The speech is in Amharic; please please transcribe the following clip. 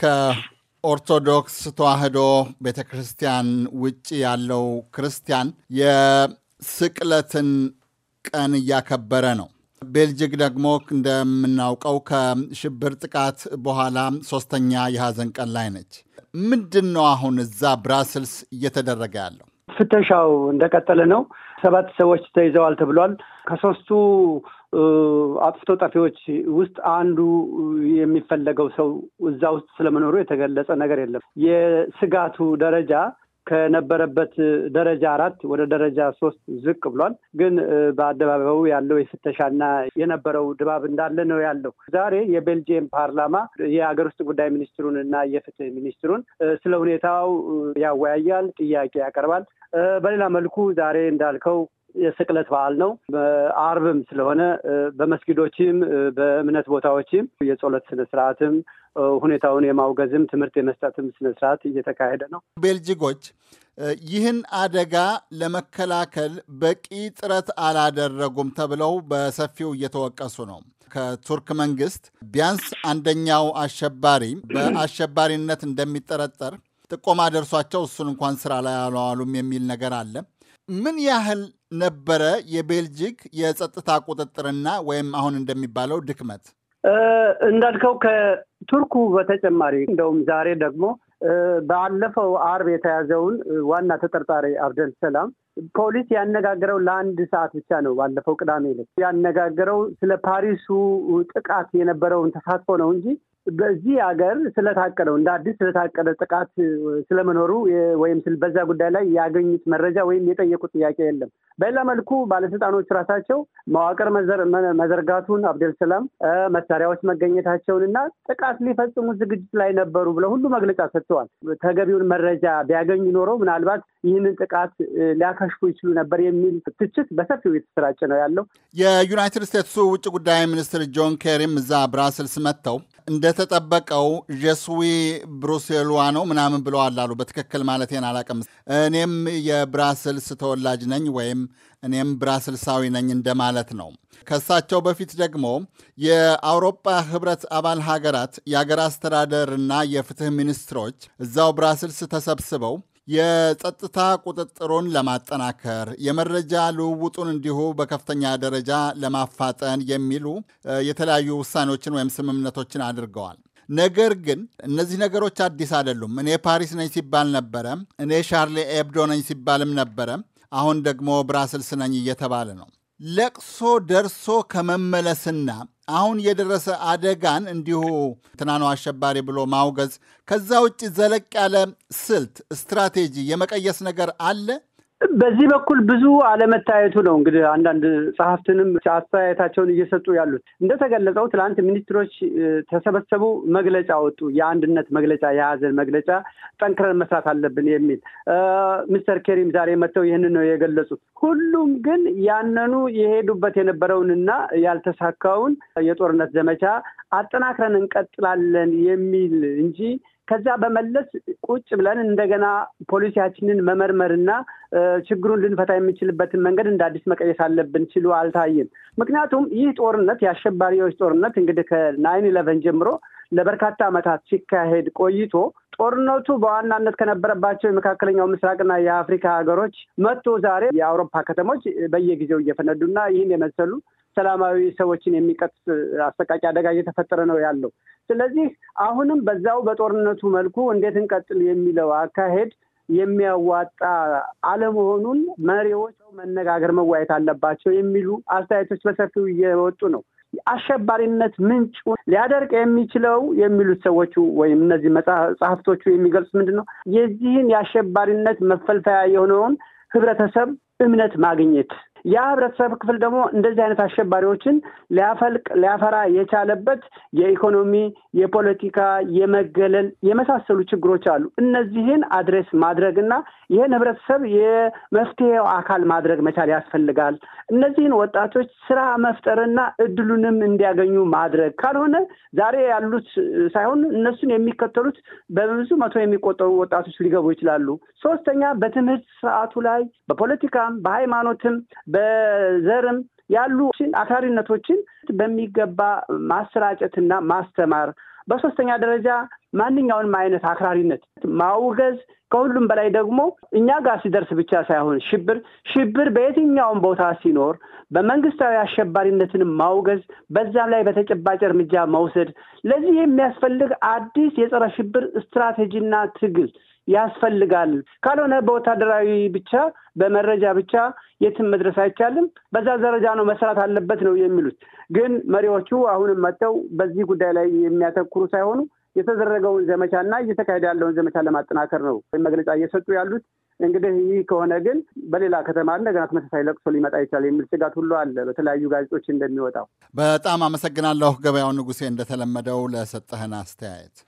ከኦርቶዶክስ ተዋህዶ ቤተ ክርስቲያን ውጭ ያለው ክርስቲያን የስቅለትን ቀን እያከበረ ነው። ቤልጅግ ደግሞ እንደምናውቀው ከሽብር ጥቃት በኋላ ሶስተኛ የሐዘን ቀን ላይ ነች። ምንድን ነው አሁን እዛ ብራስልስ እየተደረገ ያለው? ፍተሻው እንደቀጠለ ነው። ሰባት ሰዎች ተይዘዋል ተብሏል። ከሶስቱ አጥፍቶ ጠፊዎች ውስጥ አንዱ የሚፈለገው ሰው እዛ ውስጥ ስለመኖሩ የተገለጸ ነገር የለም። የስጋቱ ደረጃ ከነበረበት ደረጃ አራት ወደ ደረጃ ሶስት ዝቅ ብሏል። ግን በአደባባዩ ያለው የፍተሻና የነበረው ድባብ እንዳለ ነው ያለው። ዛሬ የቤልጅየም ፓርላማ የሀገር ውስጥ ጉዳይ ሚኒስትሩን እና የፍትህ ሚኒስትሩን ስለ ሁኔታው ያወያያል፣ ጥያቄ ያቀርባል። በሌላ መልኩ ዛሬ እንዳልከው የስቅለት በዓል ነው። አርብም ስለሆነ በመስጊዶችም በእምነት ቦታዎችም የጸሎት ስነስርዓትም ሁኔታውን የማውገዝም ትምህርት የመስጠትም ስነስርዓት እየተካሄደ ነው። ቤልጅጎች ይህን አደጋ ለመከላከል በቂ ጥረት አላደረጉም ተብለው በሰፊው እየተወቀሱ ነው። ከቱርክ መንግስት ቢያንስ አንደኛው አሸባሪ በአሸባሪነት እንደሚጠረጠር ጥቆማ ደርሷቸው እሱን እንኳን ስራ ላይ አለዋሉም የሚል ነገር አለ። ምን ያህል ነበረ የቤልጂክ የጸጥታ ቁጥጥርና ወይም አሁን እንደሚባለው ድክመት? እንዳልከው ከቱርኩ በተጨማሪ እንደውም ዛሬ ደግሞ ባለፈው አርብ የተያዘውን ዋና ተጠርጣሪ አብደል ሰላም ፖሊስ ያነጋገረው ለአንድ ሰዓት ብቻ ነው። ባለፈው ቅዳሜ ዕለት ያነጋገረው ስለ ፓሪሱ ጥቃት የነበረውን ተሳትፎ ነው እንጂ በዚህ ሀገር ስለታቀደው እንደ አዲስ ስለታቀደ ጥቃት ስለመኖሩ ወይም በዛ ጉዳይ ላይ ያገኙት መረጃ ወይም የጠየቁት ጥያቄ የለም። በሌላ መልኩ ባለስልጣኖች ራሳቸው መዋቅር መዘርጋቱን፣ አብደልሰላም መሳሪያዎች መገኘታቸውን እና ጥቃት ሊፈጽሙ ዝግጅት ላይ ነበሩ ብለው ሁሉ መግለጫ ሰጥተዋል። ተገቢውን መረጃ ቢያገኙ ኖረው ምናልባት ይህንን ጥቃት ሊያከሽፉ ይችሉ ነበር የሚል ትችት በሰፊው የተሰራጨ ነው ያለው። የዩናይትድ ስቴትሱ ውጭ ጉዳይ ሚኒስትር ጆን ኬሪም እዛ ብራስልስ መጥተው እንደተጠበቀው ጀስዊ ብሩሴሏ ነው ምናምን ብለዋል አሉ። በትክክል ማለቴን አላቅም። እኔም የብራስልስ ተወላጅ ነኝ ወይም እኔም ብራስልሳዊ ነኝ እንደማለት ነው። ከሳቸው በፊት ደግሞ የአውሮጳ ህብረት አባል ሀገራት የአገር አስተዳደርና የፍትህ ሚኒስትሮች እዛው ብራስልስ ተሰብስበው የጸጥታ ቁጥጥሩን ለማጠናከር የመረጃ ልውውጡን እንዲሁ በከፍተኛ ደረጃ ለማፋጠን የሚሉ የተለያዩ ውሳኔዎችን ወይም ስምምነቶችን አድርገዋል። ነገር ግን እነዚህ ነገሮች አዲስ አይደሉም። እኔ ፓሪስ ነኝ ሲባል ነበረ። እኔ ሻርሌ ኤብዶ ነኝ ሲባልም ነበረ። አሁን ደግሞ ብራስልስ ነኝ እየተባለ ነው። ለቅሶ ደርሶ ከመመለስና አሁን የደረሰ አደጋን እንዲሁ ትናኑ አሸባሪ ብሎ ማውገዝ፣ ከዛ ውጭ ዘለቅ ያለ ስልት ስትራቴጂ የመቀየስ ነገር አለ። በዚህ በኩል ብዙ አለመታየቱ ነው እንግዲህ አንዳንድ ጸሐፍትንም አስተያየታቸውን እየሰጡ ያሉት። እንደተገለጸው ትላንት ሚኒስትሮች ተሰበሰቡ፣ መግለጫ ወጡ። የአንድነት መግለጫ፣ የሀዘን መግለጫ ጠንክረን መስራት አለብን የሚል ሚስተር ኬሪም ዛሬ መጥተው ይህንን ነው የገለጹት። ሁሉም ግን ያንኑ የሄዱበት የነበረውንና ያልተሳካውን የጦርነት ዘመቻ አጠናክረን እንቀጥላለን የሚል እንጂ ከዛ በመለስ ቁጭ ብለን እንደገና ፖሊሲያችንን መመርመርና ችግሩን ልንፈታ የምንችልበትን መንገድ እንደ አዲስ መቀየስ አለብን ችሉ አልታይም። ምክንያቱም ይህ ጦርነት የአሸባሪዎች ጦርነት እንግዲህ ከናይን ኢለቨን ጀምሮ ለበርካታ ዓመታት ሲካሄድ ቆይቶ ጦርነቱ በዋናነት ከነበረባቸው የመካከለኛው ምስራቅና የአፍሪካ ሀገሮች መጥቶ ዛሬ የአውሮፓ ከተሞች በየጊዜው እየፈነዱና ይህን የመሰሉ ሰላማዊ ሰዎችን የሚቀጥ አሰቃቂ አደጋ እየተፈጠረ ነው ያለው። ስለዚህ አሁንም በዛው በጦርነቱ መልኩ እንዴት እንቀጥል የሚለው አካሄድ የሚያዋጣ አለመሆኑን መሪዎች መነጋገር፣ መወያየት አለባቸው የሚሉ አስተያየቶች በሰፊው እየወጡ ነው። አሸባሪነት ምንጩ ሊያደርቅ የሚችለው የሚሉት ሰዎቹ ወይም እነዚህ መጽሐፍቶቹ የሚገልጹት ምንድን ነው? የዚህን የአሸባሪነት መፈልፈያ የሆነውን ህብረተሰብ እምነት ማግኘት ያ ህብረተሰብ ክፍል ደግሞ እንደዚህ አይነት አሸባሪዎችን ሊያፈልቅ ሊያፈራ የቻለበት የኢኮኖሚ፣ የፖለቲካ፣ የመገለል የመሳሰሉ ችግሮች አሉ። እነዚህን አድሬስ ማድረግ እና ይህን ህብረተሰብ የመፍትሄው አካል ማድረግ መቻል ያስፈልጋል። እነዚህን ወጣቶች ስራ መፍጠርና እድሉንም እንዲያገኙ ማድረግ ካልሆነ ዛሬ ያሉት ሳይሆን እነሱን የሚከተሉት በብዙ መቶ የሚቆጠሩ ወጣቶች ሊገቡ ይችላሉ። ሶስተኛ በትምህርት ስርዓቱ ላይ በፖለቲካም በሃይማኖትም በዘርም ያሉ አክራሪነቶችን በሚገባ ማሰራጨትና ማስተማር፣ በሶስተኛ ደረጃ ማንኛውንም አይነት አክራሪነት ማውገዝ፣ ከሁሉም በላይ ደግሞ እኛ ጋር ሲደርስ ብቻ ሳይሆን ሽብር ሽብር በየትኛውም ቦታ ሲኖር በመንግስታዊ አሸባሪነትን ማውገዝ፣ በዛም ላይ በተጨባጭ እርምጃ መውሰድ፣ ለዚህ የሚያስፈልግ አዲስ የጸረ ሽብር ስትራቴጂና ትግል ያስፈልጋል። ካልሆነ በወታደራዊ ብቻ በመረጃ ብቻ የትም መድረስ አይቻልም። በዛ ደረጃ ነው መስራት አለበት ነው የሚሉት። ግን መሪዎቹ አሁንም መጥተው በዚህ ጉዳይ ላይ የሚያተኩሩ ሳይሆኑ የተደረገውን ዘመቻና እየተካሄደ ያለውን ዘመቻ ለማጠናከር ነው መግለጫ እየሰጡ ያሉት። እንግዲህ ይህ ከሆነ ግን በሌላ ከተማ እንደገና ተመሳሳይ ለቅሶ ሊመጣ ይችላል የሚል ስጋት ሁሉ አለ፣ በተለያዩ ጋዜጦች እንደሚወጣው። በጣም አመሰግናለሁ ገበያው ንጉሴ፣ እንደተለመደው ለሰጠህን አስተያየት።